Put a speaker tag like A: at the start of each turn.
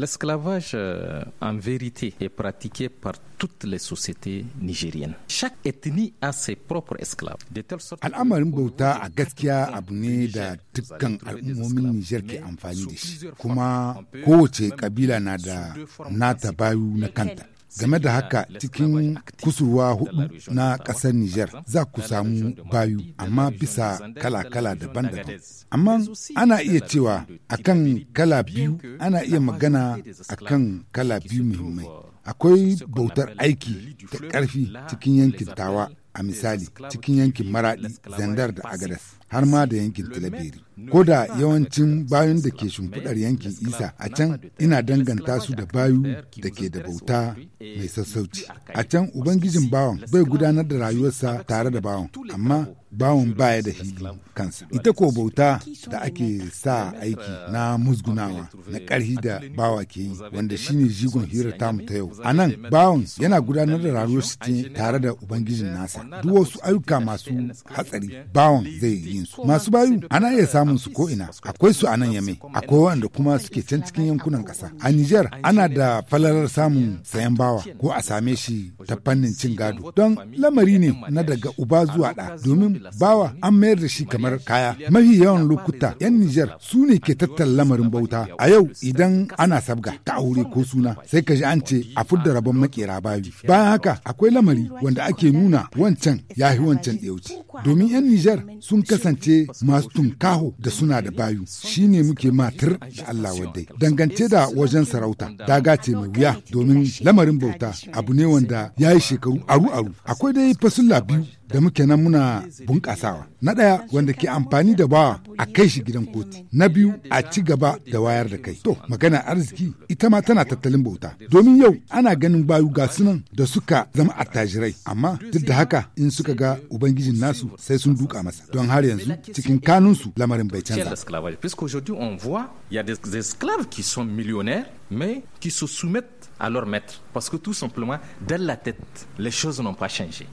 A: L'esclavage, euh, en vérité, est pratiqué par toutes les sociétés nigériennes. Chaque ethnie a ses propres esclaves. Al'amarin
B: bauta a gaskiya abu ne da dukkan al'ummomin Nijar ke en da shi, kuma kowace kabila na da nata bayu na kanta. game da haka cikin kusurwa hudu na ƙasar niger za ku samu bayu amma bisa kala-kala daban-daban. Amma ana iya cewa akan kala biyu ana iya magana akan kala biyu muhimmai. akwai bautar aiki ta ƙarfi cikin yankin tawa a misali cikin yankin Maraɗi, Zandar da Agadas, har ma da yankin tilabiri Ko da yawancin bayan da ke shimfiɗar yankin Isa a can ina danganta su da bayu da ke da bauta mai sassauci. A can Ubangijin bawan bai gudanar da rayuwarsa tare da bawan, amma bawon baya da hili kansa ita ko bauta da ake sa aiki na musgunawa na ƙarhi da bawa ke yi wanda shine jigon hirar tamu ta yau a nan bawon yana gudanar da rayuwar shi tare da ubangijin nasa duk wasu ayyuka masu hatsari bawon zai yi su masu bayu ana iya samun su ko ina akwai su a nan yame akwai wanda kuma suke can cikin yankunan ƙasa a Nijar ana da falalar samun sayan bawa ko a same shi ta fannin cin gado don lamari ne na daga uba zuwa da. domin bawa an mayar da shi kamar kaya mafi yawan lokuta 'yan Nijar su ne ke tattalin lamarin bauta a yau idan ana sabga ta aure ko suna sai ka ji an ce a fudda rabon makera bayu bayan haka akwai lamari wanda ake nuna wancan ya yi wancan ɗauci domin 'yan Nijar sun kasance masu tunkaho da suna da bayu shi ne muke matar da Allah wadai dangance da wajen sarauta daga ce mai wuya domin lamarin bauta abu ne wanda ya yi shekaru aru-aru akwai dai fasulla biyu da muke nan muna bunƙasawa. Na ɗaya wanda ke amfani da bawa a kai shi gidan koti. Na biyu a ci gaba da wayar da kai. To magana arziki ita ma tana tattalin bauta. Domin yau ana ganin bayu ga sunan da suka zama attajirai amma duk da haka in suka ga ubangijin nasu sai sun duka masa don har yanzu cikin kanunsu lamarin bai canza.
A: on voit des qui sont mais qui se soumettent à leur maître parce que tout simplement dans la tête les choses n'ont pas changé.